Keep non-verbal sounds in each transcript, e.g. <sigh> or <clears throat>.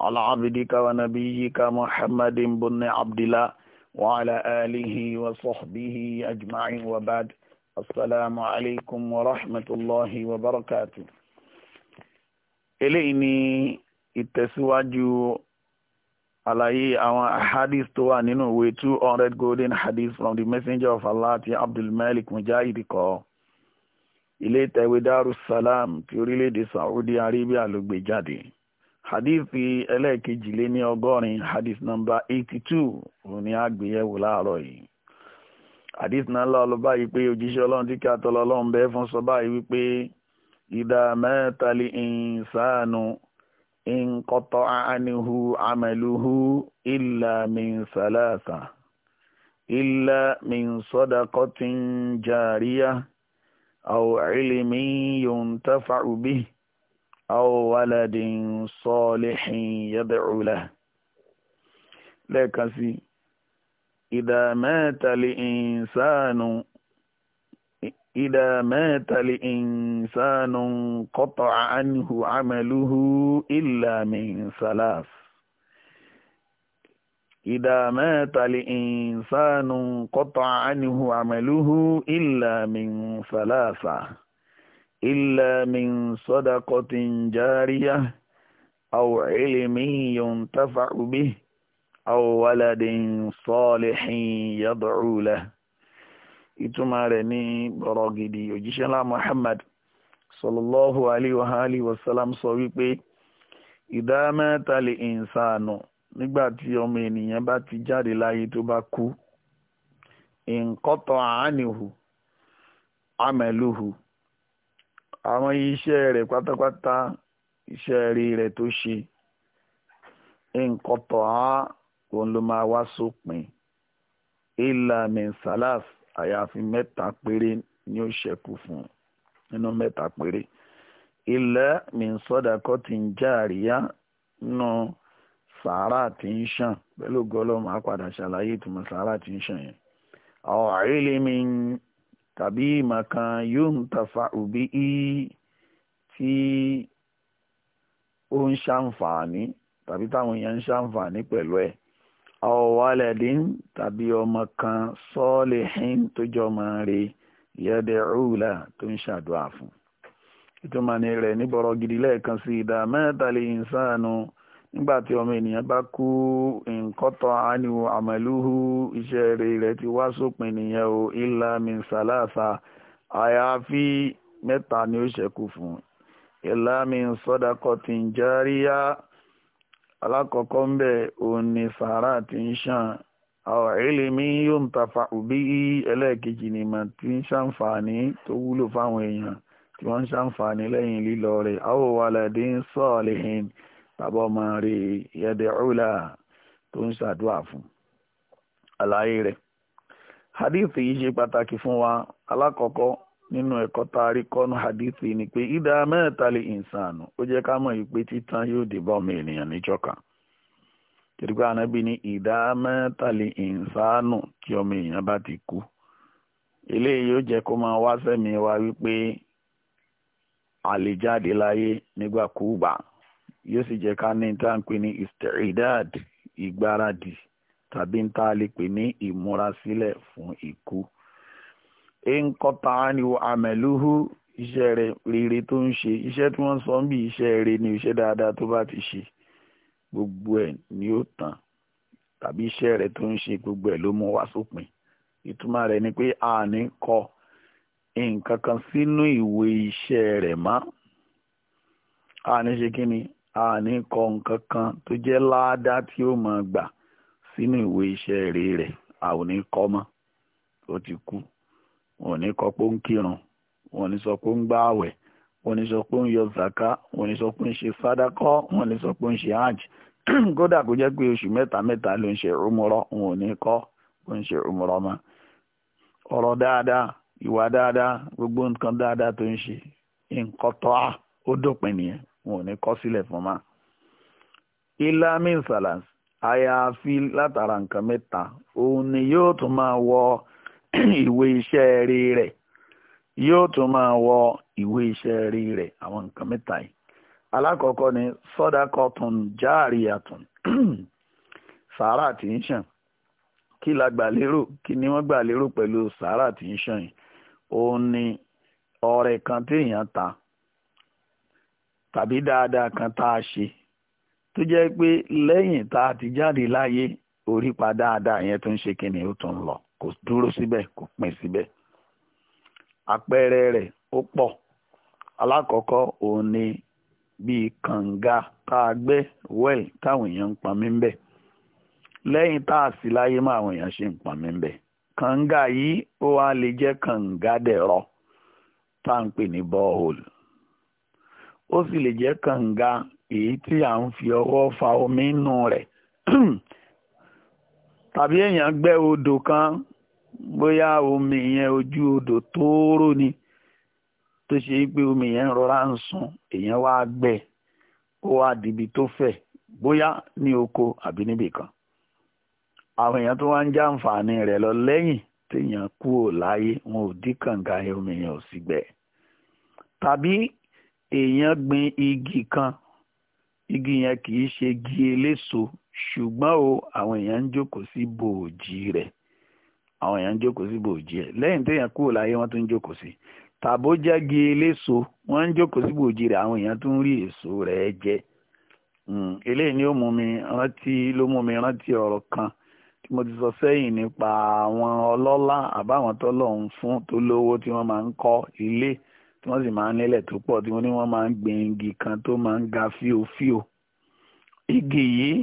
على عبدك ونبيك محمد بن عبد الله وعلى آله وصحبه أجمعين وبعد السلام عليكم ورحمة الله وبركاته إليني التسواج àlàyé àwọn hadith tó wà nínú ìwé two hundred golden hadith from the messenger of allah ti abdulmalik mujahid kọ ilé ìtẹ̀wé darussalam ti orílẹ̀-èdè saudi arabia ló gbé jáde hadithi ẹlẹ́ẹ̀kejì lé hadith number eighty two òun ni àgbéyẹ̀wò láàárọ̀ yìí hadith náà lọ báyìí pé òjíṣẹ́ ọlọrun tí kí atọ́lọ́ ọlọ́run bẹ́ẹ̀ fún sọ báyìí wípé ìdá mẹ́tàlí ila mi ànihu àmẹ́lúhu ìlà min ìlà min sọ́dàkọ́tì jàríyà aw aw waladin salihin yad'u lahu lẹ́ẹ̀kan sí idha mata al-insanu idha mata al-insanu qata'a anhu 'amaluhu illa min salas إذا مات الإنسان قطع عنه عمله إلا من ثلاثة إلا من صدقة جارية أو علم ينتفع به أو ولد صالح يدعو له ìtumọ̀ rẹ̀ ní ọ̀rọ̀ gidi òjíṣẹ́ Muhammad sallallahu alayhi wa alihi wa sọ wípé ìdá nsanụ lè ìsànù nígbà tí ọmọ ti àwọn iṣẹ́ rẹ̀ pátápátá iṣẹ́ rí rẹ̀ tó ṣe nǹkan tọ̀ á òun ló máa wá sópin ilà mẹ́sàlás àyàfi mẹ́ta péré ni ó ṣẹ́kù fún nínú mẹ́ta péré ilà mẹ́sọ́dàkọ́ ti ń já àríyá nù sàárà tí ń ṣàn pẹ̀lú gọ́lọ́mù á ṣàlàyé ìtumọ̀ sàárà tí ń ṣàn yẹn àwọn àrílẹ̀ mi ń tàbí ìmọ̀ kan yóò ń tafa òbí í tí ó ń ṣàǹfààní tàbí táwọn èèyàn ń ṣàǹfààní pẹ̀lú ẹ̀ ọ̀wálẹ̀dín tàbí ọmọ kan sọ́ọ̀lẹ̀hìn tó jọ re yẹ́dẹ̀ rúùlà tó ń ṣàdúrà fún ìtumọ̀ ni rẹ̀ níbọ̀rọ̀ gidi lẹ́ẹ̀kan sí ìdá mẹ́tàlẹ́ ìsánú. nígbà tí ọmọ ènìyàn bá kú nkọ́tọ̀ àánìwò àmàlúhù iṣẹ́ rẹ̀ ti wá sópin nìyẹn o ilà mi sàlàsà àyàfi mẹ́ta ni ó ṣẹ́kù fún ilà min sọ́dakọ̀ tí ń járíyá alákọ̀ọ́kọ́ ń bẹ̀ òun ni sàárà ti ń ṣàn àwọn mi yóò ń tafa òbí ẹlẹ́ẹ̀kejì ni mà ti ń ṣàǹfààní tó wúlò fáwọn èèyàn tí wọ́n ń ṣàǹfààní lẹ́yìn lílọ rẹ̀ àwọn wàlàdé bàbá ọmọ rẹ̀ yẹ́dẹ̀ ọ̀la tó ń ṣàdúrà fún àlàyé rẹ̀ hadithi yìí ṣe pàtàkì fún wa alákọ̀ọ́kọ́ nínú ẹ̀kọ́ tá a rí hadithi ni pé ìdá mẹ́ta lè ìsànù ó jẹ́ ká mọ̀ pé títàn yóò dé ọmọ ènìyàn níjọ́ka kìrìkọ́ ìdá mẹ́ta lè ìsànù kí ọmọ bá ti kú eléyìí yóò wa wípé àlè jáde láyé nígbàkúùgbà yóò sì jẹ́ ká ní tá à ń pè ní istiridad ìgbáradì tàbí tá a lè pè ní ìmúrasílẹ̀ fún ikú. nkọ́ta ni iṣẹ́ rẹ̀ rere tó ń ṣe iṣẹ́ tí wọ́n sọ ń bí iṣẹ́ rere ni iṣẹ́ dáadáa tó bá ti ṣe gbogbo ẹ̀ ni ó tan tàbí iṣẹ́ rẹ̀ tó ń ṣe gbogbo ẹ̀ ló mú wá sópin ìtumọ̀ rẹ̀ ni pé àní kọ nǹkan kan sínú ìwé iṣẹ́ rẹ̀ mọ́ àní ṣe kí ni àní kọ nǹkan kan tó jẹ́ láàdá tí ó máa gbà sínú ìwé iṣẹ́ èrè rẹ̀ àwọn ní kọ́ mọ́ ó ti kú wọn ò ní kọ pé ó ń kírun wọn ò ní sọ pé ó ń gbá àwẹ̀ wọn ò ní sọ pé ó ń yọ zaka wọn ò ní sọ pé ó ń ṣe sádàkọ́ wọn ò ní sọ pé ó ń ṣe hajj <clears throat> kódà kó jẹ́ pé oṣù mẹ́ta mẹ́ta ló ń ṣe rúmọ́rọ́ wọn ò ní kọ́ ó ń ṣe rúmọ́rọ́ mọ́ ọ̀rọ̀ dáadáa ìwà dáadáa gbogbo nǹkan dáadáa tó ń ṣe nǹkan tó a ó dópin nìyẹn wọn ò ní kọ́ sílẹ̀ fún ma. ilá min salas àyàfi látara nǹkan mẹ́ta òun ni yóò tún máa wọ ìwé iṣẹ́ rí rẹ̀ yóò tún máa wọ ìwé iṣẹ́ rí rẹ̀ àwọn nǹkan mẹ́ta yìí. alákọ̀ọ́kọ́ ni sọ́dákọ̀tún jáàríyàtún <clears throat> sàárà tí ń ṣàn kí la gbà lérò kí ni wọ́n gbà lérò pẹ̀lú sàárà tí ń ṣàn yìí òun ni ọrẹ kan tí ta tàbí dáadáa kan tá a ṣe tó jẹ́ pé lẹ́yìn tá a ti jáde láyé orí pa dáadáa yẹn tó ń ṣe kíni ó tún lọ kò dúró síbẹ̀ kò pín síbẹ̀ àpẹẹrẹ rẹ̀ ó pọ̀ alákọ̀ọ́kọ́ òun ni bíi kànga tá a gbẹ́ well táwọn èèyàn ń pamí ń bẹ̀ lẹ́yìn tá a sì láyé mọ́ àwọn èèyàn ṣe ń pamí ń bẹ̀ kànga yìí ó wá lè jẹ́ kànga dẹ̀rọ tá à ń pè ní borehole ó sì lè jẹ́ kànga èyí tí à ń fi ọwọ́ fa omi nù rẹ̀ <clears throat> tàbí èèyàn gbẹ́ odò kan bóyá omi yẹn ojú odò tóóró ni tó ṣe é pé omi yẹn rọra ń sùn èèyàn wá gbẹ́ ó wá dìbì tó fẹ̀ bóyá ní oko àbí níbì kan àwọn èèyàn tó wá ń jàǹfààní rẹ̀ lọ lẹ́yìn téèyàn kú ò láyé wọn ò dí kànga omi yẹn ò sì gbẹ́ tàbí èèyàn gbin igi kan igi yẹn kì í ṣe gi eléso ṣùgbọ́n o àwọn èèyàn ń jókòó sí bòòjì rẹ̀ àwọn èèyàn ń jókòó sí bòòjì ẹ̀ lẹ́yìn téèyàn kúrò láyé wọ́n tún ń jókòó sí tàbó jẹ́ igi eléso wọ́n ń jókòó sí bòòjì rẹ̀ àwọn èèyàn tún ń rí èso rẹ̀ jẹ́ hmm, eléyìí ni ó mú mi rántí ló mú mi rántí ọ̀rọ̀ kan tí mo ti sọ sẹ́yìn nípa àwọn ọlọ́lá àbáwọn tọ́lọ́hún fún tó lówó tí wọ́n máa ń kọ́ ilé tí wọ́n sì máa ń nílẹ̀ tó pọ̀ tí wọ́n ní wọ́n máa ń gbin igi kan tó máa ń ga fíofíò igi yìí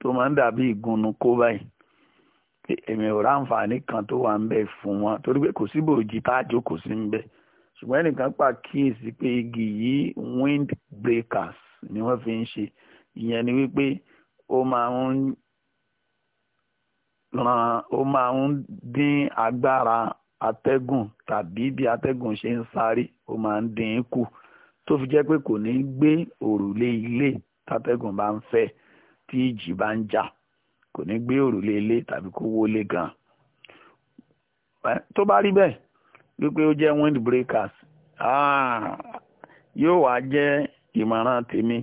tó máa ń dàbí ìgúnnu kó báyìí èmi ò ráǹfààní kan tó wà ń bẹ fún wọn torí pé kò sí bòòjì tá a jókòó sí ń bẹ ṣùgbọ́n ẹnìkan pàkíyèsí pé igi yìí wind breakers ni wọ́n fi ń ṣe ìyẹn ni wípé ó máa ń ran ó máa ń dín agbára atẹ́gùn tàbí bí atẹ́gùn ṣe ń sáré ó máa ń dín kù tó fi jẹ́ pé kò ní gbé òrùlé ilé tátẹ́gùn bá ń fẹ́ tí ìjì bá ń jà kò ní gbé òrùlé ilé tàbí kó wọlé gan tó bá rí bẹ́ẹ̀ wípé ó jẹ́ wind ah, yóò wá jẹ́ ìmọ̀ràn tèmi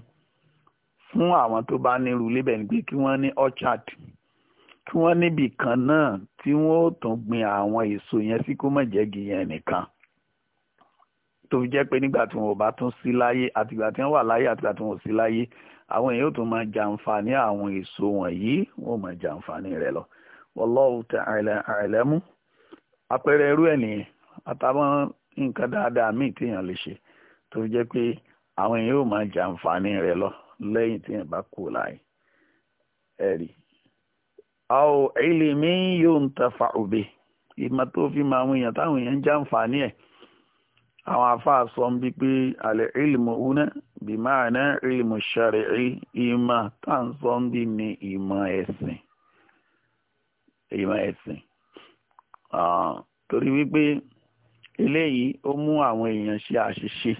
fún àwọn tó bá ní irú lébẹ̀ ni kí wọ́n ní orchard kí wọ́n níbì kan náà tí wọ́n ó tún gbin àwọn èso yẹn sí kó má jẹ́ yẹn nìkan tó fi jẹ́ pé nígbà tí wọn ò bá tún sí láyé àtìgbà tí wọ́n wà láyé àtìgbà tí wọn ò sí láyé àwọn èèyàn tó máa jàǹfààní àwọn èso wọ̀nyí wọ́n máa jàǹfààní rẹ̀ lọ wallahu ta'ala a'lamu àpẹẹrẹ irú ẹ̀ nìyẹn àtàwọn nǹkan dáadáa míì téèyàn lè ṣe tó fi jẹ́ pé àwọn èèyàn ò máa jàǹfààní rẹ̀ lọ lẹ́yìn téèyàn bá kú láyé ẹ̀rí àwọn ilmi yuntafa'u bihi ìmọ̀ tó fi máa àwọn èèyàn táwọn èèyàn jàǹfààní ẹ̀ àwọn afáà sọ ń bí pé àlẹ́ ìlmù una bí máa ná ìlmù ṣàrẹ̀ẹ́ ìmọ̀ tá à ń sọ ń bí ní ìmọ̀ ẹ̀sìn ìmọ̀ ẹ̀sìn torí wípé eléyìí ó mú àwọn èèyàn ṣe àṣìṣe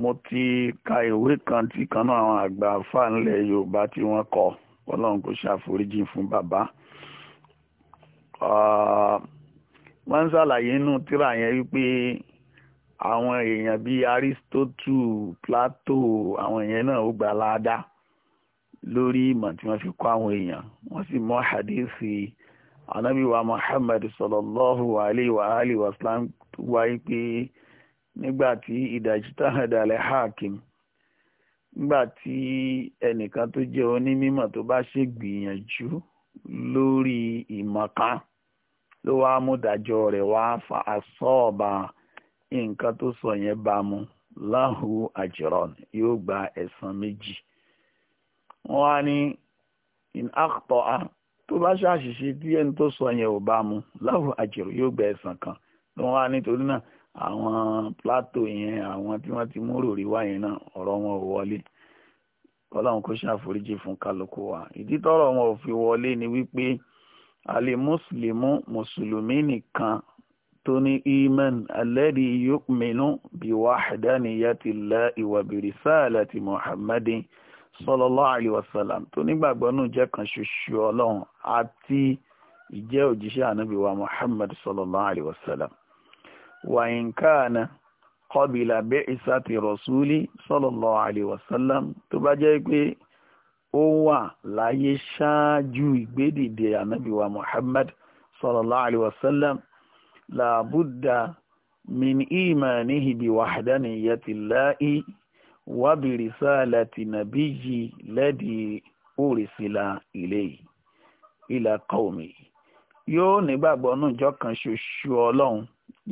mo ti ka ìwé kan tí kan náà àwọn àgbà afáà Yorùbá tí wọ́n kọ Ọlọ́run kò ṣàforíjì fún bàbá wọ́n ń ṣàlàyé inú tírà yẹn wípé. àwọn èèyàn bíi aristotle plato àwọn èèyàn náà ó gba láàdá lórí ìmọ̀ tí wọ́n fi kọ́ àwọn èèyàn wọ́n sì mọ́ hadithi anabiwa muhammed sallallahu alayhi wa alihi wa sallam wáyé pé nígbà tí ìdájútà àdàlẹ̀ hakim nígbà tí ẹnìkan tó jẹ́ onímọ̀ tó bá ṣe gbìyànjú lórí ìmọ̀ kan ló wá mú dájọ́ rẹ̀ wá fa asọ́ọ̀bà. nǹkan tó sọ yẹn bá mu láhu àjìrán yóò gba ẹ̀san méjì wọ́n á ní in akpọ̀ a tó bá ṣàṣìṣe tí ẹni tó sọ yẹn ò bá mu láhu àjìrán yóò gba ẹ̀san kan wọ́n á nítorí náà àwọn plateau yẹn àwọn tí wọ́n ti mú ròrí wá yẹn náà ọ̀rọ̀ wọn ò wọlé ọlọ́run kò ṣàforíjì fún kálukú wa ìdí tọ́rọ̀ wọn ò fi wọlé ni wípé alẹ́ mùsùlùmí nìkan tó ní iman alladhi yu'minu bi wahdaniyati llahi wa bi risalati muhammadin sallallahu alayhi wa sallam tó nígbàgbọ́ nù jẹ́ kan ṣoṣo ọlọ́run àti ìjẹ́ òjíṣẹ́ ànábì wa muhammad sallallahu alayhi wa sallam wa in kana qabila bi'sati rasuli sallallahu alayhi wa sallam tó bá jẹ́ pé ó wà láyé ṣáájú ìgbédìde ànábì wa muhammad sallallahu làbúdà min ìmàníhi bí wàhádánìyàtìláì wábìrìsà láti nàbíyì lẹ́dí òrìṣìlà ilé ìlà kọ́ọ̀mì yóò nígbàgbọ́ nù ìjọ kan ṣoṣo ọlọ́run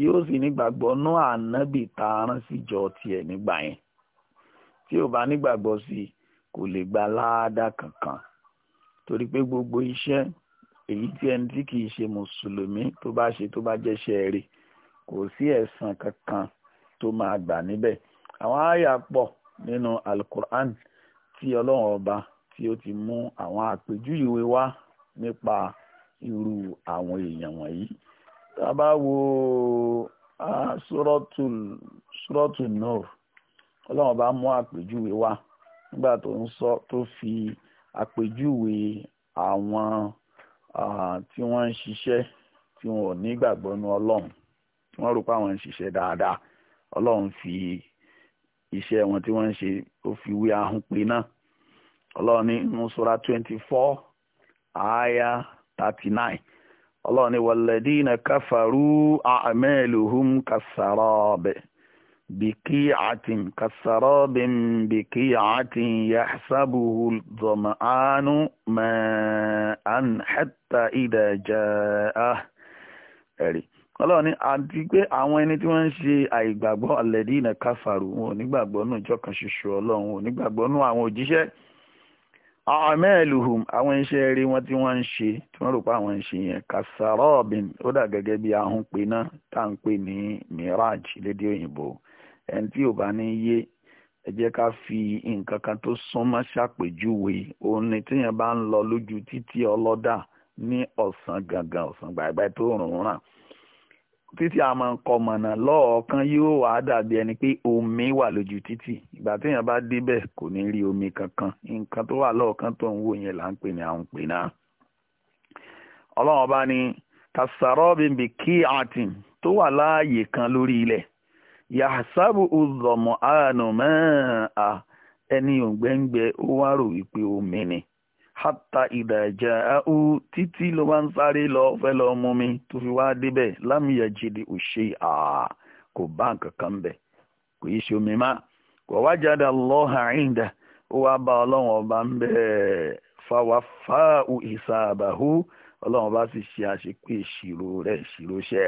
yóò sì nígbàgbọ́ nù ànábì tààrán síjọ tiẹ̀ nígbà yẹn tí ò bá nígbàgbọ́ sí kò lè gba láàdá kankan torí pé gbogbo iṣẹ́ èyí tí ẹni tí kìí ṣe mùsùlùmí tó bá ṣe tó bá jẹ́ṣẹ́ rẹ̀ kò sí ẹ̀san kankan tó máa gbà níbẹ̀ àwọn àyà pọ̀ nínú alukur'an tí ọlọ́run ọba tí ó ti mú àwọn àpèjúwe wá nípa irú àwọn èèyàn wọ̀nyí tá a bá wo sùrọ́tù nur ọlọ́run ọba mú àpèjúwe wá nígbà tó ń sọ tó fi àpèjúwe àwọn. Ah, tí wọ́n ń ṣiṣẹ́ tí wọn ò ní ìgbàgbọ́ nu ọlọ́run tí wọ́n rò pé àwọn ń ṣiṣẹ́ dáadáa ọlọ́run fi iṣẹ́ wọn tí wọ́n ń ṣe ó fi wé ahun pé náà ọlọ́run ní nusura twenty four aya thirty nine ọlọ́run ní walladina kafaru a'maluhum kasarabe. بقيعة كالسراب بقيعة يحسبه الظمآن ماء حتى إذا جاءه ẹ̀rí ọlọ́run ní àti pé àwọn ẹni tí wọ́n ń ṣe káfàrú wọn ò nígbàgbọ́ nù ìjọ kan ṣoṣo ọlọ́run wọn ò nígbàgbọ́ nù àwọn òjíṣẹ́ àmẹ́ẹ̀lùhùm àwọn rí wọn tí wọ́n ń ṣe tí wọ́n rò pé àwọn ń ṣe yẹn kàṣàrọ́ọ̀bìn ó dà gẹ́gẹ́ bí ahùn pé náà tá ẹni tí ò bá ní yé ẹ jẹ́ ká fi nǹkan kan tó súnmọ́ ṣàpèjúwe òun ni téèyàn bá ń lọ lójú títí ọlọ́dà ní ọ̀sán gangan ọ̀sán gbàgbà tó rùn ràn títí a máa ń kọ mọ̀nà lọ́ọ̀ọ́kán yóò wá dàbí ẹni pé omi wà lójú títì ìgbà téèyàn bá débẹ̀ kò ní rí omi kankan nǹkan tó wà lọ́ọ̀ọ́kán tó ń wò yẹn là ń pè ní à ń pè náà ọlọ́run bá ní kàṣàrọ́ kí àtìm tó wà láàyè kan lórí ilẹ̀ yàhásábù ọ̀zọ̀mọ̀ àánùmọ́ à ẹni ògbẹ́ngbẹ́ ó wípé omi ni hátà ìdàjà áhù títí ló wá ń sáré lọ fẹ́ lọ mú mi tó fi wá débẹ̀ lámìyàjìdì òṣè à kò bá nǹkan kan bẹ̀ kò yí ṣe omi má kò wá jáde lọ́hà ìdá ó wá bá ọlọ́run ọba ń ìsàbàhù ọlọ́run ọba sì ṣe àṣepé ìṣirò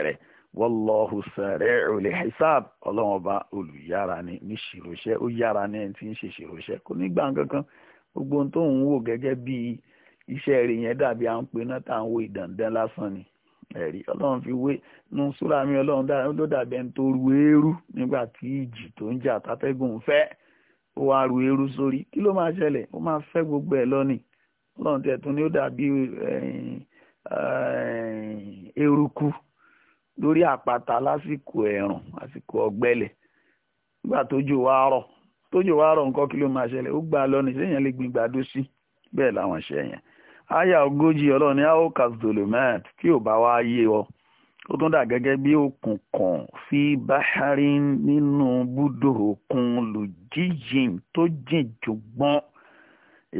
rẹ̀ wallahu sari'ul hisab ọlọ́run ọba olùyára ni níṣìròṣẹ́ ó yára ní ẹni tí ń ṣèṣìròṣẹ́ kò ní gbàǹkan kan gbogbo ohun tó ń wò gẹ́gẹ́ bí iṣẹ́ rẹ̀ yẹn dàbí à ń pe náà tá à ń wo ìdàndán lásán ni ẹ̀rí ọlọ́run fi wé nu súra mi ọlọ́run ló dàbí ẹni tó ru eérú nígbà tí ìjì tó ń jà tátẹ́gùn fẹ́ ó wá ru eérú sórí kí ló máa ṣẹlẹ̀ ó máa fẹ́ gbogbo ẹ̀ lọ́nìí ọlọ́run tẹ̀ ni ó dàbí eh, eh, eruku lórí àpáta lásìkò ẹ̀rùn àsìkò ọ̀gbẹlẹ̀ nígbà tójò wá rọ̀ tójò wá rọ̀ nǹkan kí ló máa ṣẹlẹ̀ ó gbà lọ nìṣẹ́ yẹn lè gbin gbàdó sí bẹ́ẹ̀ làwọn ṣe yẹn àyà ogójì ọlọ́run ní àwọn kazdolomet tí ò bá wá yé ọ ó tún dà gẹ́gẹ́ bí òkùnkùn fi báhárí nínú búdò òkun lòjíjìn tó jìn jùgbọ́n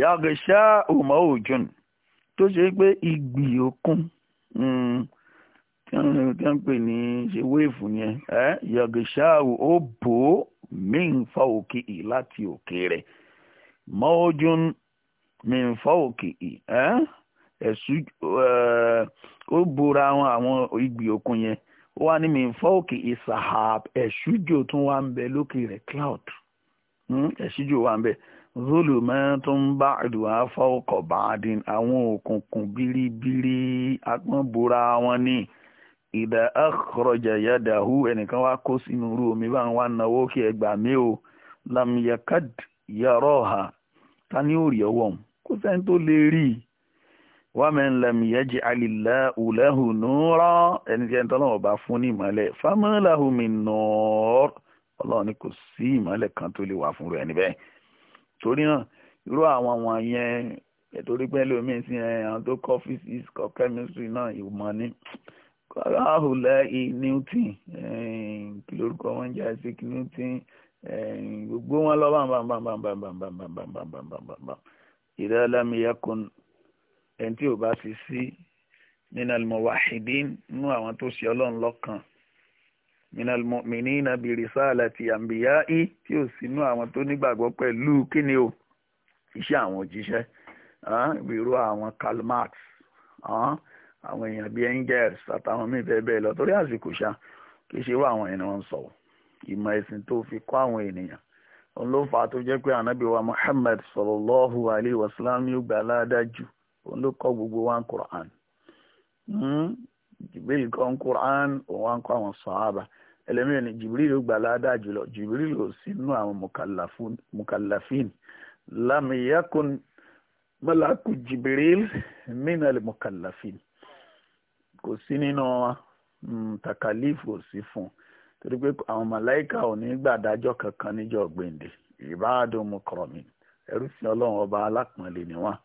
yàgò ṣá òmò òjò tó ṣe pé ìgbì òkun hmm, tí wọ́n ń pè ní ṣe wéèfù yẹn ẹ́ yọ̀gẹ̀ṣáàwò ó bò ó mìǹfà òkè ì láti òkè rẹ̀ mọ́ọ́jún mìǹfà òkè ì ẹ́ ẹ̀sù ó bora àwọn àwọn ìgbì òkun yẹn ó wá ní mìǹfà òkè ì sahab ẹ̀sùjò tún wá ń bẹ lókè rẹ̀ cloud hmm, ẹ̀sùjò wá ń bẹ zulumatun ba'du afawqa ba'din àwọn òkùnkùn bíríbírí agbọ́n bora wọn ni ìdá akọrọjà yadahu ẹnìkan wá kó sínú irú omi bá ń wá náwó kí ẹ gbà mí o lamyakad yàrá ọ̀hà ta ni ó rí ọwọ́ mu kó sẹ́ni tó lè rí i wàmẹ́n lẹ́mìyẹ́jì alìlẹ́ òlẹ́hùn nùúrọ́ ẹni tí ẹni tọ́lọ́wọ́ bá fún ní ìmọ̀lẹ̀ fámọ́láhùnmí nùúr ọlọ́run ni kò sí ìmọ̀lẹ̀ kan tó lè wà fún rẹ̀ níbẹ̀ torí náà irú àwọn wọ̀nyẹn torí pé lómi sí àwọn tó kọ́ physics kọ́ chemistry náà ìmọ̀ ni kọ́láhùlá i newton kí lórúkọ wọn jẹ́ isaac newton gbogbo wọn lọ bàbàbàbàbàbàbàbàbàbàbàbà ìdálàmìyàkùn ẹni tí ò bá ti sí minal muwahidin nínú àwọn tó ṣe ọlọ́run lọ́kan minal mu'minina bi risalati anbiya'i tí ò sí nínú àwọn tó nígbàgbọ́ pẹ̀lú kíni o iṣẹ́ àwọn òjíṣẹ́ ìró àwọn Karl Marx. Uh, àwọn èèyàn bíi angels àtàwọn míì bẹ́ẹ̀ bẹ́ẹ̀ lọ torí àsìkò ṣá kì í ṣe irú àwọn èèyàn wọn sọ̀rọ̀ ìmọ̀ ẹ̀sìn tó fi kọ́ àwọn ènìyàn òun ló fà á tó jẹ́ pé ànábì wa Muhammad sallallahu alayhi wa sallam yóò gbà ládájú òun ló kọ́ gbogbo wa ń Qur'an hmm? Jibril kọ́ ń Qur'an òun wá ń kọ́ àwọn sàhábà ẹlẹ́mìíràn ni Jibril ló gbà ládájú lọ Jibril ló sínú àwọn mukallafin lam malaku Jibril minal mukallafin kò sí nínú mm, takalif ò sí fún torí pé àwọn malaika ò ní gbàdájọ́ kankan níjọ́ gbèǹde ìbáàdùn ẹrú sí ọlọ́run ọba alápọ̀nlé ni wọ́n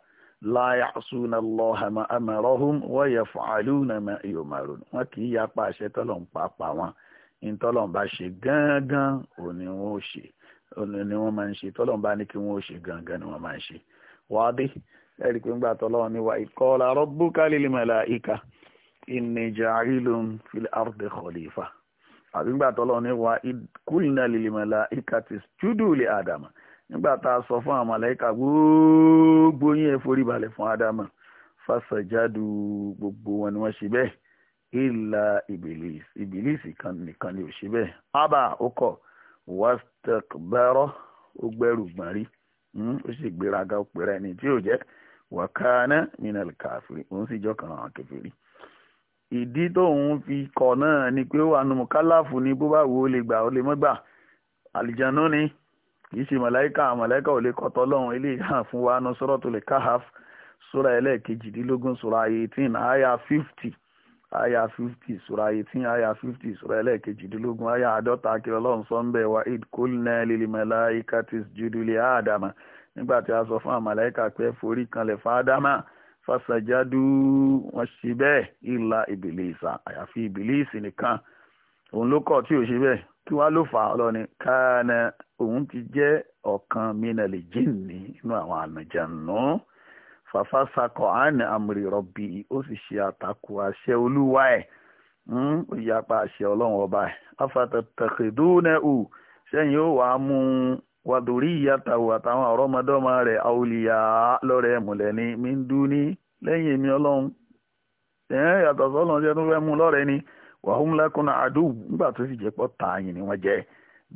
láyà súnà wọ́n yẹ wọn kì í yapa àṣẹ tọ́lọ̀ ń pàápàá wọn ní ń bá ṣe gángan òní wọn ò ṣe ni máa ń ṣe tọ́lọ̀ ń bá ní kí wọ́n ò ṣe gángan ni wọ́n máa ń ṣe wádìí ẹ̀rí pé ń gbà tọ́lọ́ ni wà ìnìjà ìlún fil ardi khalifa àbí nígbà tọ́lọ́ ní wa kúlìnà lil malaikati júdù lè àdàmà nígbà tá a sọ fún àwọn màláíkà gbogbo yín ẹ forí balẹ̀ fún àdàmà fásajádù gbogbo wọn ni wọ́n ṣe bẹ́ẹ̀ ìlà ìbìlìs ìbìlìs nìkan ni ò ṣe bẹ́ẹ̀ ábà ó kọ̀ wàstakbárọ̀ ó gbẹ́rù gbọ̀nrí hmm, ó sì gbéraga ó pèrè ẹni tí ò jẹ́ wàkánà minal kàfírí òun sì jọ án kẹfìrí ìdí tóun fi kọ náà ni pé ó kálàfù ni bó bá wù ó lè gbà ó lè mọ́ gbà àlìjánu ni kì í ṣe màláìka màláìka ò lè kọ́tọ́ lọ́hùn eléyìí hàn fún wa nù sura ẹlẹ́ẹ̀kejìdínlógún sura eighteen aya fifty aya fifty sura eighteen aya fifty sura ẹlẹ́ẹ̀kejìdínlógún aya àádọ́ta kí Ọlọ́run sọ ń bẹ̀ wá id kulna lil malaikati nígbà tí a sọ fún pé forí kanlẹ̀ fàṣàjádù wọn ṣe bẹ́ẹ̀ ìlà ìbìlísà àyàfi ìbìlísì nìkan òun ló kọ̀ tí ò ṣe bẹ́ẹ̀ kí wàá ló fà á lọ ni káàna òun ti jẹ́ ọ̀kan mìíràn lè jìnnì nínú àwọn ànàjànú fàfàṣàkọ̀ àánà àmúrí rọ̀bì ó sì ṣe àtakò àṣẹ olúwa ẹ̀ hmm, ó yapa àṣẹ ọlọ́run ọba ẹ̀ afàtàtàkìdúnẹ̀ ò sẹ́yìn ó wàá mú un. wàdúrí ìyàtàwò àtàwọn ọ̀rọ̀mọdọ́mọ rẹ̀ àwòlíyà lọ́rẹ̀ mùlẹ̀ ni mi ń dún ní lẹ́yìn èmi ọlọ́run yàtọ̀ fẹ́ mú lọ́rẹ̀ ni wàhùn lẹ́kùn àdúù nígbà tó sì jẹ́ pọ̀ tààyàn ni wọ́n jẹ́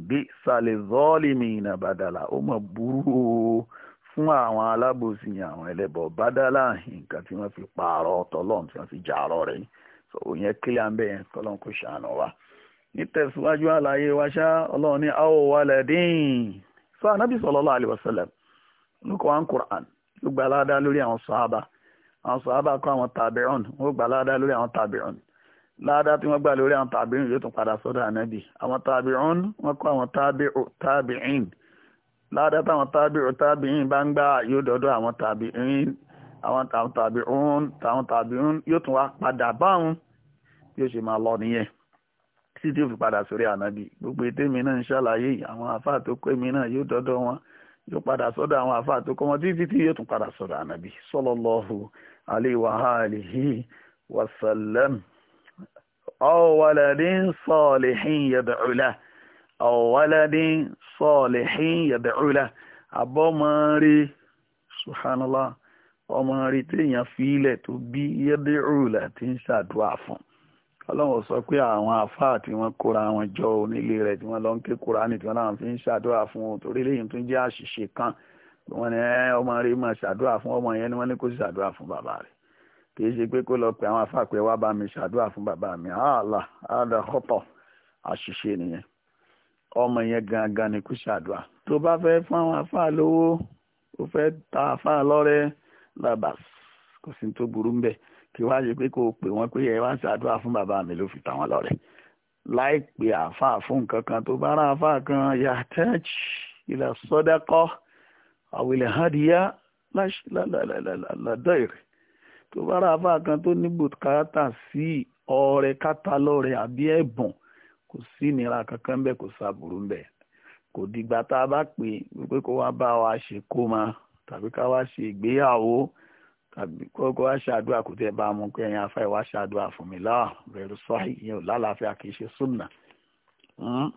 bí sàlẹ̀ zọ́ọ̀lì mi ìnà bàdàlà ó mọ̀ burú o fún àwọn alábòsí àwọn ẹlẹ́bọ̀ bàdàlà nǹkan tí wọ́n fi pààrọ̀ tọ́lọ́n tí wọ́n fi rẹ̀ sọ òyìn kílẹ̀ tọ́lọ́n kò ṣàánú wa nítẹ̀síwájú àlàyé wa ṣá ọlọ́run ní àwọ̀ so anabi sallallahu alaihi wasallam nukọ wọn quran ló gba aláda lórí àwọn sahaba àwọn sahaba kọ àwọn tabi'un wọn gba aláda lórí àwọn tabi'un láàdá tí wọn gbà lórí àwọn tabi'un yóò tún padà sọ́dọ̀ anabi àwọn tabi'un wọn kọ àwọn tabi'u tabi'in láàdá táwọn tabi'u tabi'in bá ń gbà yóò dọdọ àwọn tabi'in àwọn tabi'un táwọn tabi'un yóò tún wá padà báwọn yóò ṣe máa lọ nìyẹn títí tí ó fi padà sórí ànábì gbogbo ètè mi náà ń ṣàlàyé àwọn àfáà tó kọ́ mi náà yóò dọ́dọ̀ wọn yóò padà sọ́dọ̀ àwọn àfáà tó kọ́ wọn títí tí yóò tún padà sọ́dọ̀ ànábì sallallahu alaihi wa alihi wa sallam aw waladin salihin yad'u lahu abọ́mọ́rí subhanallah ọmọ rí téèyàn fi ilẹ̀ tó bí yad'u lahu ń ṣàdúrà fún ọlọ́run sọ pé àwọn àfáà tí wọ́n kóra wọn jọ onílé rẹ̀ tí wọ́n lọ ń ké Kùránì tí wọ́n náà fi ń ṣàdúrà fún un torí lẹ́yìn tún jẹ́ àṣìṣe kan wọ́n ní ọmọ rẹ̀ máa ṣàdúrà fún ọmọ yẹn ni wọ́n ní kó ṣàdúrà fún bàbá rẹ̀ kì í ṣe pé kó lọ pé àwọn àfáà pé wá bá mi ṣàdúrà fún bàbá mi àlà àdà kọ́tọ̀ àṣìṣe nìyẹn ọmọ yẹn gangan ni kó ṣàdúrà tó bá fẹ́ fún àwọn àfáà lówó ó fẹ́ ta àfáà lọ́rẹ́ labas kò sí tó burú ń bẹ́ẹ̀ kí wá ṣe pé kó o pè wọ́n pé ẹ wá ń ṣàdúrà fún bàbá mi ló fi tà wọ́n lọ́rẹ láì pe àáfàá fún nǹkan kan tó bá rà àáfàá kan yà tẹ́ẹ̀ch ilẹ̀ sọ́dẹ́kọ́ àwìlẹ̀ hàdíyá lọ́dọ̀ ìrẹ̀ tó bá rà àáfàá kan tó ní bùkátà sí ọrẹ kátà lọ́rẹ àbí ẹ̀bùn kò sí ìnira kankan bẹ́ẹ̀ kò sàbùrù bẹ́ẹ̀ kò dìgbà tá a bá pè é pé kó wá bá wa ṣe kó máa tàbí ká wá ṣe ìgbéyàwó kókó wá ṣàdúrà kò tẹ́ bá mú pé ẹ̀yin afá ẹ̀ wá ṣàdúrà fún mi láà rẹ̀rù sọ́hì yẹn ò lálàáfíà kì í ṣe súnà hmm?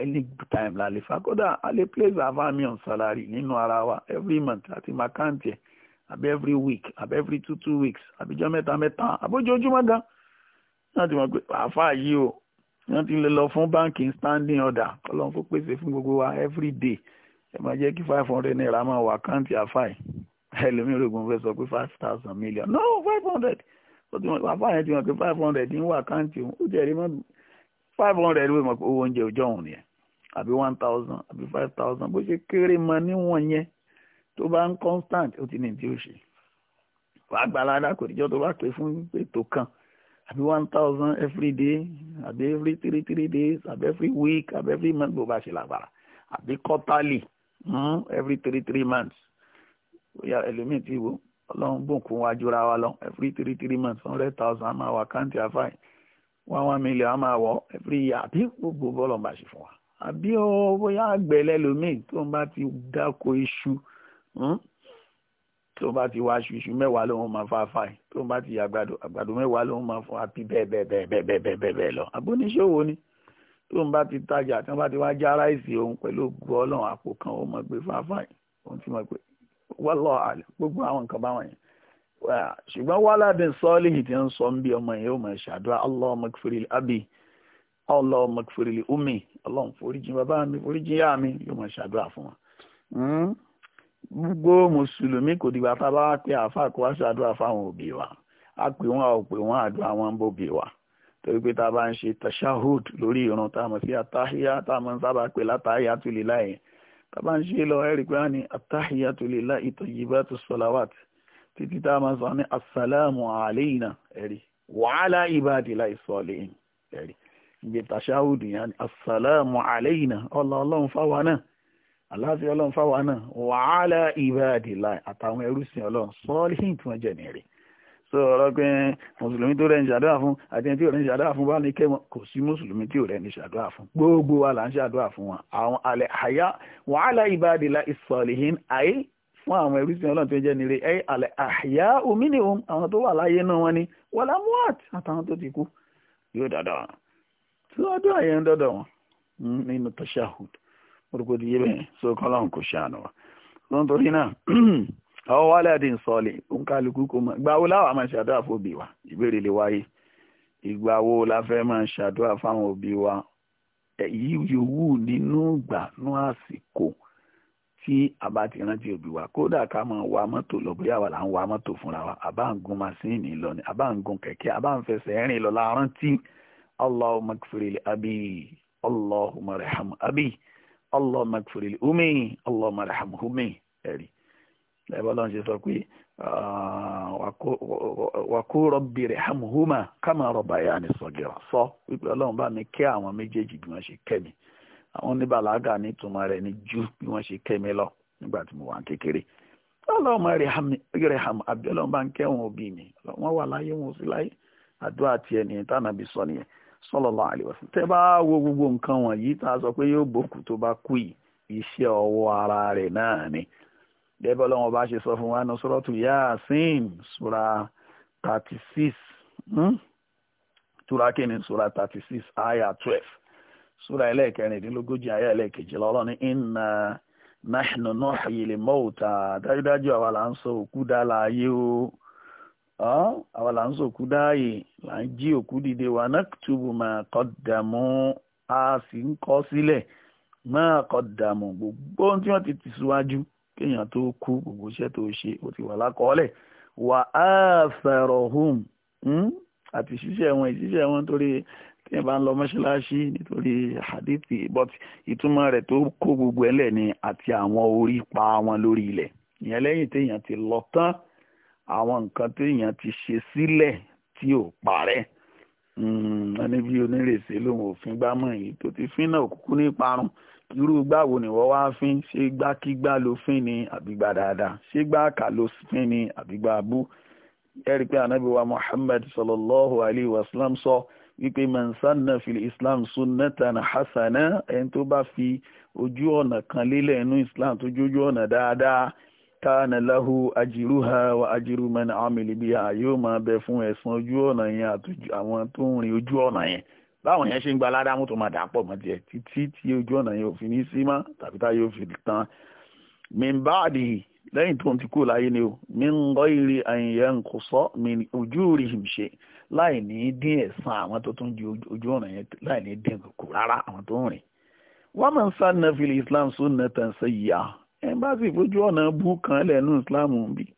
any time la lè fa kódà place our money on salary nínú ara wa every month àti máa count ẹ̀ àbí every week àbí every two two weeks àbíjọ́ mẹ́ta mẹ́ta àbójoojúmọ́ gan náà ti mọ̀ pé àfa yìí o wọ́n ti lè lọ fún báǹkì standing order kọ́lọ́n kó pèsè fún gbogbo wa every day ẹ máa jẹ́ kí five hundred naira máa wà káǹtì àfa <laughs> ẹlòmíràn ogun fẹ́ sọ pé five thousand million no five hundred ó ti mọ̀ bàbá yẹn ti mọ̀ pé five hundred ní wà káǹtì òun ó jẹ́ ẹ̀rí mọ́ five hundred ló mọ̀ pé owó oúnjẹ òjọ́ òun nìyẹn àbí one thousand àbí five thousand bó ṣe kéré mọ níwọ̀n yẹn tó bá ń constant ó ti ní tí ó ṣe wàá gba aládá kò níjọ́ tó bá pè fún ètò kan àbí one thousand every day àbí every three three days àbí every week àbí every month bó bá ṣe lágbára àbí quarterly hmm, every three three months bóyá ẹlòmíì ti wò ọlọ́run bùnkún wa jura wa lọ every three three months hundred thousand a máa wà káǹtì one one million a máa every year àbí gbogbo bọ́ọ̀lù bá ṣe fún wa àbí ọ bóyá àgbẹ̀ lẹ́lòmíì tó ń bá ti dáko iṣu hmm? tó bá ti wá aṣọ iṣu mẹ́wàá lòun máa fa fáì tó bá ti àgbàdo àgbàdo mẹ́wàá lòun máa fún àti bẹ́ẹ̀ bẹ́ẹ̀ bẹ́ẹ̀ bẹ́ẹ̀ bẹ́ẹ̀ bẹ́ẹ̀ bẹ́ẹ̀ bẹ́ẹ̀ lọ abóníṣòwò ni tó bá ti tajà tí wọ́n bá ti wá já ráìsì òun pẹ̀lú ògùn àpò kan ó mọ̀ pé fa fáì òun ti mọ̀ pé wallahu alim gbogbo àwọn nǹkan báwọn yẹn ṣùgbọ́n wàládìn sọ́ọ́lìhì tí ń sọ ń bí ọmọ yẹn ó mọ̀ ṣàdúrà Allahumma gfirli abi Allahumma gfirli ummi Allahumma foríjì bàbá mi foríjì yá mi yóò mọ̀ ṣàdúrà fún wọn. Hmm? gbogbo mùsùlùmí kò dìgbà tá a bá pé àáfà kó wá ṣàdúrà fáwọn òbí wa a pè wọn a ò pè wọn àdúrà wọn bòbí wa torí pé tá a bá ń ṣe tashahud lórí ìrun tá a mọ̀ sí àtàhíyá tá a mọ̀ ń sábà pè látàhíyá tùlẹ̀ láyé tàbá ń ṣe lọ ẹ̀rí pé wọ́n ní attahiyatu lillahi tayyibatu salawat títí tá a máa sọ ní assalamu alayna ẹ̀rí wa ala ibadillahi salihin ẹ̀rí ìgbé tàṣáhùdù yẹn assalamu alayna ọlọ́ọ̀lọ́run fáwa náà aláàfin ọlọ́run fáwa náà wa ala àtàwọn ẹrú sìn ọlọ́run salihin tí wọ́n jẹ́ nìyẹn so ọ̀rọ̀ pé mùsùlùmí tó rẹ̀ ń ṣàdúrà fún àti ẹni tí ò rẹ̀ ń ṣàdúrà fún bá ní kẹ́ wọn kò sí mùsùlùmí tí ò rẹ̀ ń ṣàdúrà fún gbogbo wa là ń ṣàdúrà fún wọn àwọn alẹ́ àyà wàhálà ìbádìlá ìsọ̀lìhìn àyè fún àwọn ẹrú sí ọlọ́run tó jẹ́ nílé ẹ alẹ́ àyà òmìnir àwọn tó wà láyé náà wọn ni wọlá muat àtàwọn tó ti kú yóò dọ̀dọ̀ wọn tí wọ́n dún ọwọ́ aládìí sọ̀lẹ̀ òǹkàlùkù kò mọ̀ ìgbà wo láwọn máa ṣàdúrà fóbi wa ìbéèrè lè wáyé ìgbà wo la fẹ́ máa ṣàdúrà fáwọn òbí wa èyí yòówù nínú ìgbà ti rántí òbí wa kódà ká máa wa mọ́tò lọ bóyá wà là ń wa mọ́tò fúnra wa àbá ń gun lọ ni àbá ń gun kẹ̀kẹ́ àbá ń fẹsẹ̀ abi lẹ́bọ̀ lọ́n ṣe sọ pé wàkú rọ́bì rẹ̀ hàmùhùmà kámà rọ̀bà ni sọ̀gẹ̀rọ̀ sọ wípé ọlọ́run bá mi kẹ́ àwọn méjèèjì bí wọ́n ṣe àwọn oníbàlágà ní ìtumọ̀ rẹ̀ ju bí lọ nígbà tí mo wà kékeré ọlọ́run rẹ̀ hàmù àbí ọlọ́run bá ń kẹ́ wọn òbí mi wọ́n wà láyé wọn sọ nìyẹn a sọ gẹ́gẹ́ ọlọ́run ọba ṣe sọ fún wa nusrọ́tù yasin sura thirty six turakini hmm? sura thirty six aya twelve sura ẹlẹ́ẹ̀kẹrìndínlógójì aya ẹlẹ́ẹ̀kejìlá ọlọ́run inna nahnu nuhyi al-mauta dájúdájú àwa là ń sọ òkú dá láàyè o àwa là ń sọ òkú dáàyè là ń jí òkú dìde wa naktubu ma qaddamu a sì ń kọ sílẹ̀ ma qaddamu gbogbo ohun tí wọ́n ti tì síwájú kéèyàn tó kú gbogbo iṣẹ́ tó ṣe ó ti wà lákọọ́lẹ̀ wà á fẹ̀rọ̀ hùm hmm? àti ṣíṣẹ́ wọn ìṣiṣẹ́ wọn torí tí bá ń lọ mọ́ṣáláṣí nítorí hadithi but ìtumọ̀ rẹ̀ tó kó gbogbo ẹlẹ̀ ni àti àwọn orí pa wọn lórí ilẹ̀ ìyẹn lẹ́yìn téèyàn ti lọ tán àwọn nǹkan téèyàn ti ṣe sílẹ̀ tí ò parẹ́ ẹni hmm, bí onírèsé lòun ò gbámọ̀ yìí tó ti fín náà ní parun irú gbà wo ni wọ́n wá fín ṣé gbákígbá ló fín ni àbígbà dáadáa ṣé gbáàkà ló fín ni àbígbà abú ẹ̀rí pé ànábì wa muhammad sallallahu alayhi wa sallam sọ wípé mansanna fil islam sunnatan hasana ẹni tó bá fi ojú ọ̀nà kan lélẹ̀ inú islam tó jójú ọ̀nà dáadáa kana lahu ajiruha wa ajiru man amili yóò máa bẹ fún ẹ̀san ojú ọ̀nà yẹn àwọn tó ń rin ojú ọ̀nà yẹn báwọn yẹn ṣe ń gba aládá mú tó máa dà pọ̀ mọ́ díẹ̀ títí tí ojú ọ̀nà yóò fi ní sí mọ́ tàbí tá yóò fi tán mimbaadi lẹ́yìn tó ń ti kú láyé ni o mi ń gọ́ ìrì àyìnyẹ́ ń kò sọ mi ojú rí im ṣe láì ní dín ẹ̀san àwọn tó tún di ojú ọ̀nà yẹn láì ní dín kù rárá àwọn tó ń rìn. wọ́n máa ń sá nàfìlì islam sunnatan sayyi'ah ẹ̀ bá sì fojú ọ̀nà bú kan lẹ́nu islam bíi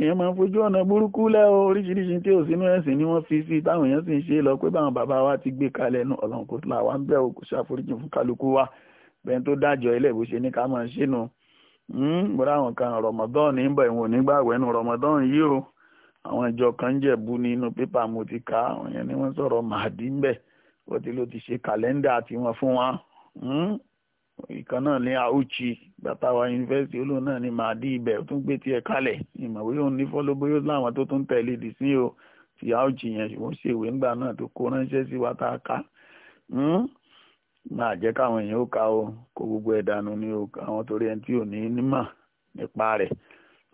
èèyàn máa ń fojú ọ̀nà burúkú lẹ́ o oríṣiríṣi tí ò sínú ẹ̀sìn ni wọ́n fi sí táwọn èèyàn sì ń ṣe lọ pé báwọn bàbá wa ti gbé kalẹ̀ nu ọlọ́run kò tún àwa ń bẹ̀ ò kò ṣàforíjì fún kálukú wa bẹ́ẹ̀ tó dájọ́ ilé ìwé ṣe ní ká máa ṣe nu bọ́dá hmm, àwọn kan Ramadan ní bọ̀ ìwọ̀n onígbàwẹ̀ nu Ramadan yìí o àwọn ìjọ kan ń jẹ̀bú nínú pépà mo ti ka àwọn yẹn ni wọ́n sọ̀rọ̀ màdí ń bẹ̀ ìkan náà ní Auchi gbàtàwà yunifásitì olóhùn náà ní màdí ibẹ̀ ó tún gbé tiẹ̀ kalẹ̀ ìmọ̀wé òun ní fọ́lọ́bóyó láwọn tó tún tẹ̀lé dì sí o ti Auchi yẹn ṣùgbọ́n ṣe ìwé ńgbà náà tó kó ránṣẹ́ sí wa tá a kà hmm? máa jẹ́ káwọn èèyàn ó ka o kó gbogbo ẹ̀ dànù ni o àwọn torí ẹni tí ò ní nímọ̀ nípa rẹ̀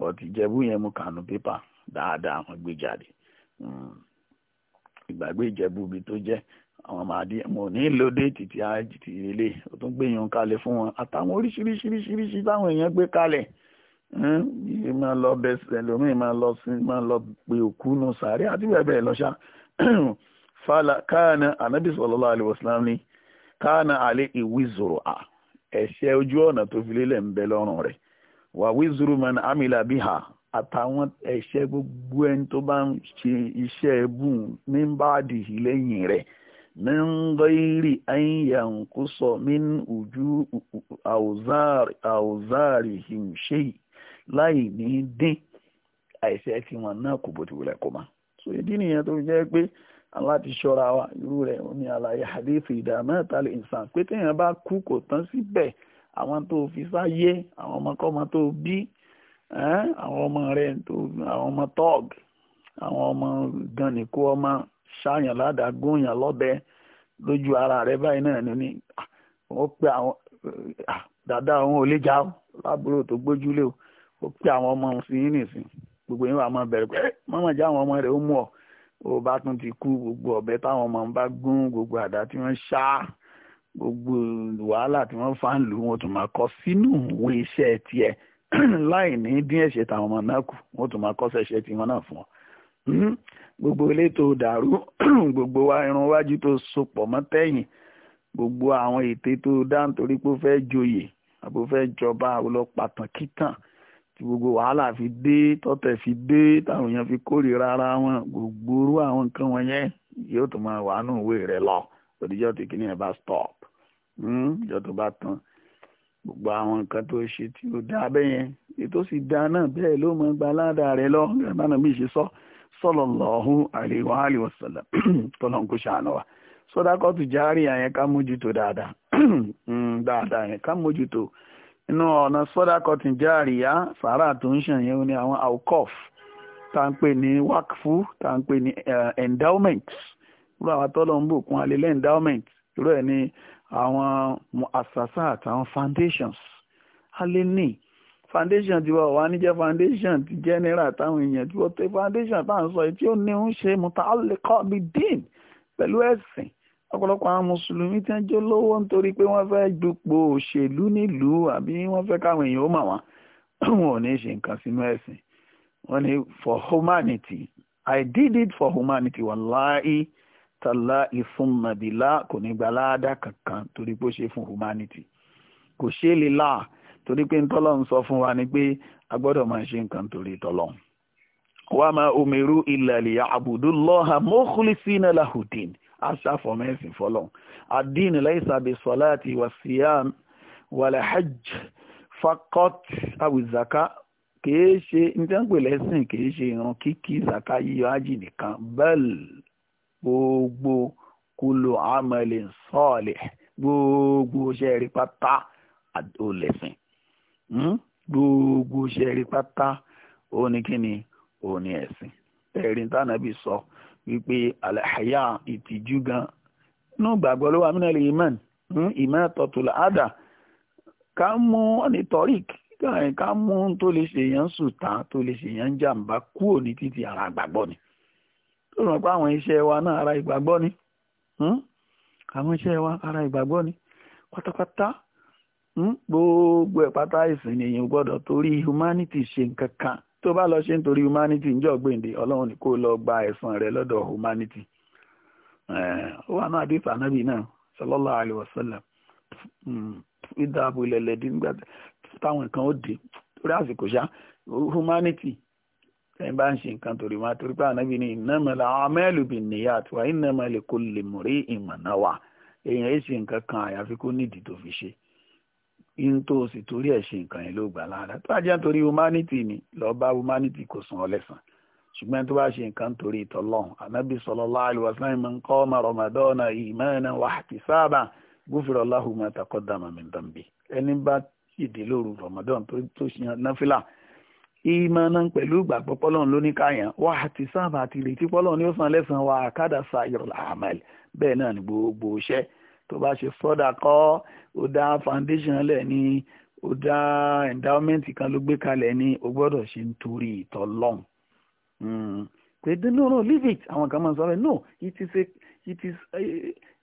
ọtí ìjẹ̀bú yẹn mú kànú pépà dáadáa àwọn gbé jáde hmm. ìgbàgbé ìjẹ̀bú ibi tó jẹ́ àwọn màdí mo ní lo déètì tí a ti relé o tún gbé yun kalẹ̀ fún wọn àtàwọn oríṣiríṣiríṣiríṣi táwọn èèyàn gbé kalẹ̀ yìí máa lọ bẹsẹ̀ lómi máa lọ sí máa lọ pe òkú nù sàárẹ̀ àti bẹ́ẹ̀ bẹ́ẹ̀ lọ ṣá <clears throat> fàlà káàna ànábì sallallahu alaihi ni káàna àlẹ́ ìwí zòrò à ẹ̀ṣẹ̀ ojú ọ̀nà tó fi lélẹ̀ ń bẹ lọ́rùn rẹ̀ wà wí zuru man amila biha àtàwọn ẹ̀ṣẹ̀ gbogbo ẹni tó bá ń ṣe iṣẹ́ ẹ̀bùn ní báàdì lẹ́yìn rẹ̀ من غير أن ينقص من أوزار أوزارهم شيء láì ní dín àìsẹ́ tí wọn náà kò bó ti wulẹ̀ kó ma so ìdí nìyẹn tó jẹ́ pé aláti ṣọ́ra wa irú rẹ̀ ó ní àlàyé hadith ìdààmú ẹ̀tàlẹ̀ ìsàn pé téèyàn bá kú kò tán síbẹ̀ àwọn tó fi sáyé àwọn ọmọkọ́mọ tó bí àwọn ọmọ rẹ̀ àwọn ọmọ tọ́ọ̀gì àwọn ọmọ gan-an nìkó ọmọ ṣáàyàn ládàá gúnyàn lọ́bẹ lójú ara rẹ báyìí náà ni ní ó pé àwọn dàda òun ò lè já o lábúrò tó gbójúlé o ó pé àwọn ọmọ òun sí yín nìsín gbogbo yín wà máa bẹ̀rẹ̀ pé mọ́mọ́ já àwọn ọmọ rẹ̀ ó mú ọ ó bá tún ti kú gbogbo ọ̀bẹ táwọn ọmọ ń bá gún gbogbo àdá tí wọ́n ṣá gbogbo wàhálà tí wọ́n fà ń lù wọ́n tún máa kọ sínú ìwé iṣẹ́ tiẹ̀ <clears throat> láì ní dín ẹ̀ṣẹ̀ tàwọn ọmọ náà kù wọ́n tún máa kọ́ sẹ́ṣẹ̀ tiwọn náà fún ọ hmm? gbogbo ilé tó dàrú <clears throat> gbogbo irun wájú tó sopọ̀ mọ́ tẹ̀yìn gbogbo àwọn ète tó dá nítorí pé ó fẹ́ joyè àbò fẹ́ jọba ọlọ́pàtàn kítàn tí gbogbo wàhálà fi dé tọ́tẹ̀ fi dé táwọn èèyàn fi kórìíra ara wọn gbogbo irú àwọn nǹkan wọn yẹn yóò tó máa wà nù ìwé rẹ lọ òdìjọ́ tí kìnìyàn bá stop hmm, ìjọ tó bá tán gbogbo àwọn nǹkan tó ṣe tí ó dá abẹ́yẹn ètò sì dá náà bẹ́ẹ̀ ló mọ gbaládàá sọlọlọhù àríwá àríwọsọlọ tọlọ kò ṣàánú wa sọdákọ tó járí àyẹn ká mójútó <clears throat> hmm, ọ̀nà sọdákọ tó járí sàárà tó ń ṣàn yẹn àwọn wakfu tá ń eh, endowment ruo àwọn tọ́lọ̀ foundations foundation ti wá wà ní jẹ́ foundation ti general táwọn èèyàn ti wọ́n tẹ foundation táwọn sọ tí ó ní ń ṣe mutaalliqa bi din pẹ̀lú ẹ̀sìn ọ̀pọ̀lọpọ̀ àwọn mùsùlùmí tí wọ́n jó lówó nítorí pé wọ́n fẹ́ dupò òṣèlú nílùú àbí wọ́n fẹ́ káwọn èèyàn ó mà wọ́n wọn ò ní ṣe nǹkan sínú ẹ̀sìn wọ́n ní for humanity i did it for humanity wallahi tallahi thumma billah kò ní gba láàdá kankan torí pé ó ṣe fún humanity kò ṣe é lè láà torí pé ntọ́lọ́run sọ fún wa ni pé a gbọ́dọ̀ máa ṣe nǹkan torí tọ́lọ́run wa ma umiru illa liya'budullaha mukhlisina lahudin aṣàfọ̀mẹ́sìn fọlọ́run ad-din laysa bis-salati was-siyam wal-hajj faqat awiz-zaka kìí ṣe ntẹ́ǹpè lẹ́sìn kìí ṣe ìran kíkí zaka yíyọ ájì nìkan bẹ́ẹ̀l gbogbo kulu amalin salih gbogbo ṣẹ́ẹ̀rí pátá àdó lẹ́sìn Hmm? gbogbo ṣẹ́ẹ̀rí pátá òun ni kíni òun ni ẹ̀sìn ẹ̀rí tánàbí sọ wípé àlàyé ìtìjú gan nínú gbàgbọ́ ló wà mí náà iman iman tọ́tùlà ádà ká mú ọ̀nì tọ́rík ká mú tó lè ṣèyàn sùtá tó lè ṣèyàn jàǹbá kúò ní títí ara àgbàgbọ́ ni tó rọ̀ pé àwọn iṣẹ́ wa náà ara ìgbàgbọ́ ni hmm? àwọn iṣẹ́ wa ara ìgbàgbọ́ ni pátápátá Hmm? gbogbo ẹ̀ pátá ìsìn nìyẹn gbọ́dọ̀ torí humanity ṣe nǹkan kan tó bá lọ ṣe nítorí humanity ń jọ gbèǹde ọlọ́run gba ẹ̀san rẹ lọ́dọ̀ humanity ó wà náà àdìsá anábì náà sallallahu alaihi wasallam ìdáàbò hmm, nígbà táwọn nǹkan ó dé torí àsìkò ṣá humanity bá ń ṣe nǹkan torí wọn èèyàn fi ṣe. in tó o sì torí ẹ̀ ṣe nǹkan yẹn ló gbà lára tó bá jẹ́ nítorí humanity ni lọ bá humanity kò san ọlẹ́sàn ṣùgbọ́n tó bá ṣe nǹkan torí ìtọ́lọ́hún anabi sallallahu alaihi wasallam man qama ramadana imanan wa ihtisaban gufira lahu ma taqaddama min dambi ẹni bá ìdí lóru ramadan tó ṣe náfìlà ìmọ̀nà pẹ̀lú ìgbàgbọ́ pọ́lọ́n ló ní sábà àti ìrètí pọ́lọ́n ni ó san lẹ́sàn-án wa àkádà sa ìrọ̀lá bẹ́ẹ̀ náà ni gbogbo iṣẹ́ tó bá ṣe fọ́dà kọ́ ó dá foundation lẹ̀ ní ó dá endowment kan ló gbé kalẹ̀ ní o gbọ́dọ̀ ṣe ń torí ìtọ́lọ́hún hmm. pé no no leave it àwọn kan máa ń sọ bẹ́ẹ̀ no it is a it is a,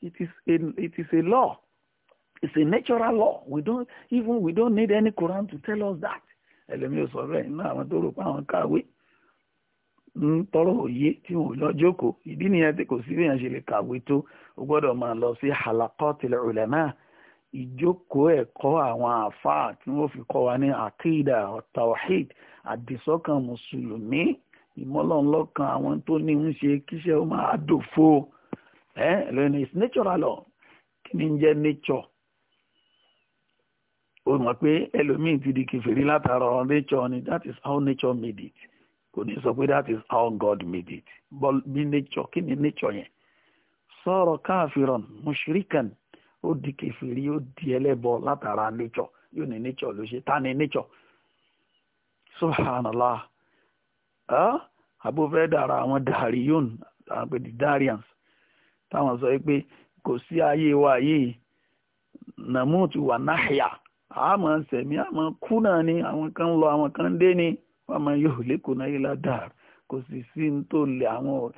it is a, it is a law it's a natural law we don't even we don't need any Quran to tell us that ẹlẹ́mi ò sọ bẹ́ẹ̀ nínú àwọn tó rò pé àwọn kàwé ń tọrọ òye tí wọn ò lọ jókòó ìdí nìyẹn tí kò sí bíyàn ṣe lè kàwé tó o gbọ́dọ̀ máa lọ sí halaqatil ulama ìjókòó ẹ̀kọ́ àwọn àfáà tí wọ́n fi kọ́ wa ní akida tawhid àdìsọ́kàn mùsùlùmí ìmọ̀lọ́nlọ́kan àwọn tó ní ń ṣe kíṣẹ́ ó máa dòfo ẹ lónìí it's natural law kí ni ń jẹ́ nature o mọ̀ pé ẹlòmíì ti di kẹfìrí látara nature ni that is how nature made it kò ní sọ pé that is how God made it but bí nature kí ni nature yẹn sọ̀rọ̀ káàfìràn mushrikan ó di kẹfìrí ó di ẹlẹ́bọ látara nature yóò ní nature ló ṣe ta ni nature subhanallah abúfẹ́ dára àwọn darion àwọn pé darians táwọn sọ pé kò sí ayé wa yìí nàmútu wà náhìá àmọ́ sẹ̀mí àmọ́ kú náà ni àwọn kan lọ àwọn kan dé ni wọ́n máa yóò lékòó náà yìí ládàá kò sì sí ní tó lè àwọn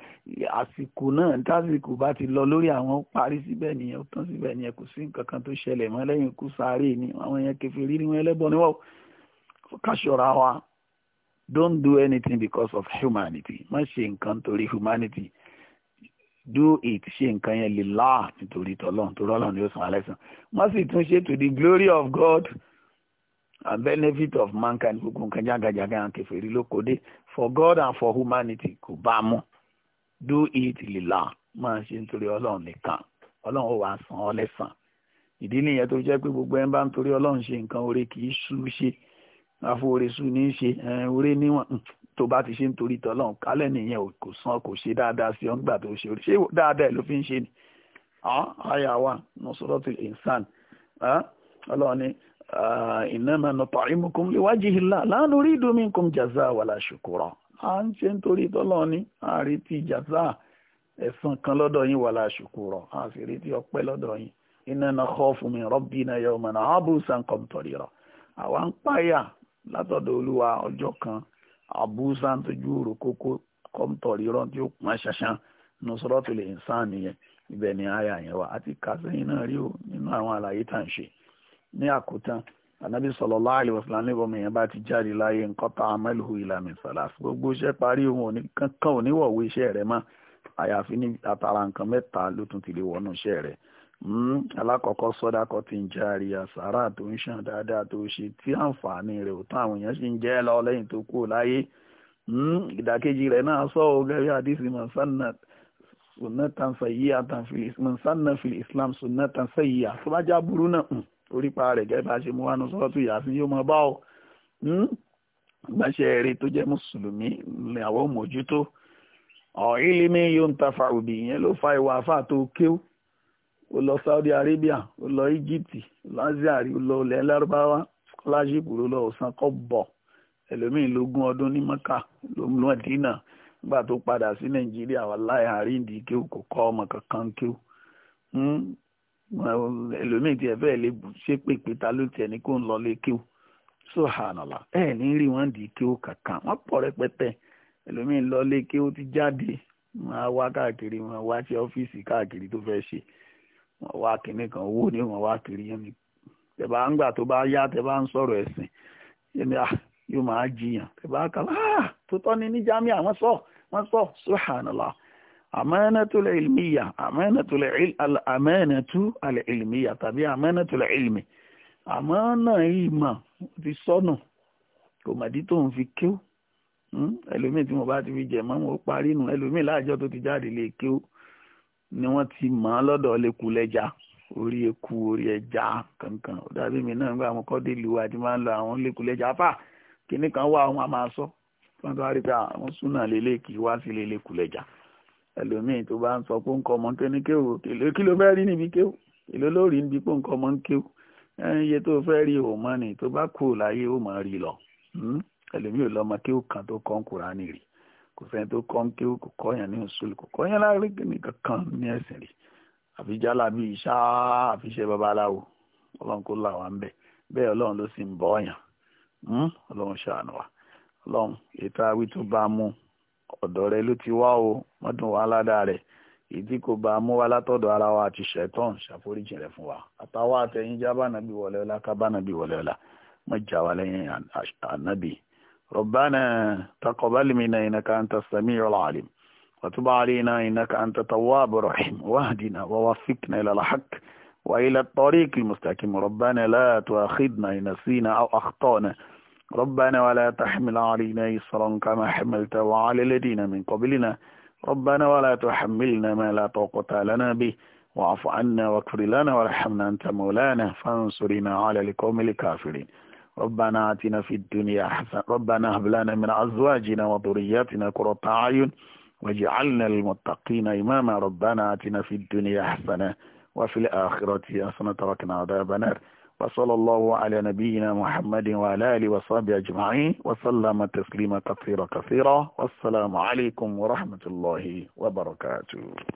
àsìkò náà tásìkò bá ti lọ lórí àwọn parí síbẹ̀ nìyẹn ó tán síbẹ̀ nìyẹn kò sí nǹkan kan tó ṣẹlẹ̀ mọ́ lẹ́yìn ikú sáré ni àwọn yẹn kèfèrí ni wọ́n ẹlẹ́bọ ni wọ́n ká ṣọ́ra wa don't do anything because of humanity má ṣe nǹkan torí humanity do it ṣe nǹkan yẹn lè láà nítorí tọ́lọ́n tó rọ́lọ́n ni ó san alẹ́ san má sì tún ṣe to the glory of God a benefit of mankind gbogbo nǹkan jágajàga àwọn kèfèrí ló kó for God and for humanity kò bá mú do it lila máa ṣe nítorí ọlọ́run nìkan ọlọ́run ó wàá san ọ́ lẹ́sàn ìdí nìyẹn tó jẹ́ pé gbogbo ẹ̀ ń bá ń torí ọlọ́run ṣe nǹkan oore kì í sú ṣe àfoore sú ní í ṣe oore níwọ̀n tó bá ti ṣe ń tọ́lọ́run kálẹ̀ nìyẹn kò san kò ṣe dáadáa sí ọ́n gbà tó ṣe oore ṣé dáadáa ló fi ń ṣe ni àyà wa nusratul insan ọlọ́run ni innama nut'imukum liwajhi Allah la nuridu minkum jazaa wala shukura à ń ṣe nítorí tọ́lọ́ ni à ń retí jazaa ẹ̀san kan lọ́dọ̀ yín wala shukura à sì retí ọpẹ́ lọ́dọ̀ yín inna nakhafu min rabbina yawman abusan qamtarira àwa ń páyà látọ̀dọ̀ olúwa ọjọ́ kan abusan tójú òrò kókó qamtarira tí ó pọn ṣaṣan nusratul insan nìyẹn ibẹ̀ ni àyà yẹn wà á ti kà sẹ́yìn o nínú àwọn àlàyé tá à ṣe ní àkótán ànábì sallallahu alaihi wasallam níbo èèyàn bá ti jáde láyé nǹkan tá amaluhu ila min salas gbogbo iṣẹ́ parí òun òní kankan òníwọ̀wé iṣẹ́ rẹ̀ mọ́ àyàfi ní àtàrà nǹkan mẹ́ta ló tún ti lè wọnú iṣẹ́ rẹ̀ hmm, alákọ̀ọ́kọ́ sọ́dákọ́ ti ń járe àsárà tó ń ṣàn dáadáa tó ṣe tí àǹfààní rẹ̀ ò tán àwọn èèyàn sì ń jẹ́ lọ lẹ́yìn tó kú láyé hmm, ìdàkejì rẹ̀ náà sọ ọ́ gẹ́gẹ́ orípa rẹ̀ gẹ́gẹ́ bá ṣe mú wánú sọ́ọ̀tù yàtí yóò mọ bá ọ gbàṣẹ hmm? eré tó jẹ́ mùsùlùmí ni àwọn mójútó ọ̀hìnlí mi yóò ń ta fàrùbì yẹn ló fa ìwà àfà tó kéw ó lọ Saudi Arabia ó lọ Egypt ó lọ aziari ó lọ ilẹ̀ lárúbáwá scholarship ló lọ ọ̀sán kọ́ bọ̀ ẹlòmíín lógún ọdún ní Mẹ́kà ló ń lọ dínà nígbà tó padà sí Nàìjíríà wà láì àríǹdì kéw kò kọ́ ọmọ kankan kéw hmm? ẹlòmíì tí ẹ fẹ́ lè bù pèpè ta ló tiẹ̀ ní kó ń lọ lé so sọ̀hánàlá ẹ ní rí wọn di kéwù kankan wọ́n pọ̀ rẹpẹtẹ ẹlòmíì lọ lé ti jáde ma wá káàkiri wọn wá sí ọ́fíìsì káàkiri tó fẹ́ ṣe wá kan owó ni wá kiri yẹn ni tẹ bá bá yá tẹ bá ń sọ̀rọ̀ ẹ̀sìn yẹn ni ah, yóò máa jiyàn tẹ bá ah, ni ní jámíà sọ wọ́n sọ So, àmẹ́nẹ́tò lè ilmiya àmẹ́nẹ́tò lè àmẹ́nẹ́tò lè ilmiya tàbí àmẹ́nẹ́tò lè ilmi àmọ́nà ìmọ̀ ti sọnù kò mọ̀dí tó ń fi kíw hmm? ẹlòmíì tí mo bá ti fi jẹ̀ mọ́ mo parí nù ẹlòmíì láàjọ tó ti jáde lè kíw ni wọ́n ti mọ̀ ọ́ lọ́dọ̀ lẹ́kù lẹ́jà orí eku orí ẹja kankan ó dàbí mi náà nígbà mo kọ́ dé ìlú àti máa ń lọ àwọn lẹ́kù lẹ́jà kíní kan wà wọ́n a máa sọ wọ́n tó pé àwọn súnà lélẹ́kì wá sí lẹ́kù ẹlòmíì tó bá ń sọ pé ń kọ́ ọmọ ní kéwù kí ló fẹ́ rí níbi kéwù èló ló rí níbi pé ń kọ́ ọmọ ní kéwù iye tó fẹ́ rí ò mọ́ ni tó bá kú láyé ó mọ̀ rí lọ hmm? ẹlòmíì ò lọ́mọ kéwù kan tó kọ́ ń kura ní rí kò sẹ́ni tó kọ́ ń kéwù kò kọ́ yẹn ní òṣùlù kò kọ́ yẹn lárí nìkan kan ní ẹ̀sìn rí àfi bí iṣá àfiṣẹ́ babaláwo ọlọ́run kó là wá ń bẹ́ẹ̀ ọlọ́run ló sì ń bọ́ ọ̀yàn hmm? ọlọ́run ṣàánú wa ọlọ́run ètò àwí tó bá mú ọ̀dọ̀ rẹ ló ti wá o mọ́dún wa ládàá rẹ̀ èyí tí kò bá mú wa látọ̀dọ̀ ara wa àti ṣẹ̀tọ́n ṣàforíjì rẹ̀ fún wa àtàwọn àtẹ̀yìn já bánà wọlé ọlá ká bánà wọlé ọlá mọ̀ jà wá lẹ́yìn ànábì ربنا تقبل منا إنك أنت السميع العليم وتب علينا إنك أنت التواب الرحيم واهدنا ووفقنا إلى الحق وإلى الطريق المستقيم ربنا لا تؤاخذنا إن نسينا أو أخطأنا ربنا ولا تحمل علينا إصرا كما حملت وعلى الذين من قبلنا ربنا ولا تحملنا ما لا طاقة لنا به واعف عنا واغفر لنا وارحمنا أنت مولانا فانصرنا على القوم الكافرين ربنا آتنا في الدنيا حسنة ربنا هب لنا من أزواجنا وذرياتنا قرة أعين واجعلنا للمتقين إماما ربنا آتنا في الدنيا حسنة وفي الآخرة حسنة تركنا عذاب نار وصلى الله على نبينا محمد وعلى آله وصحبه أجمعين وسلم تسليما كثيرا كثيرا والسلام عليكم ورحمة الله وبركاته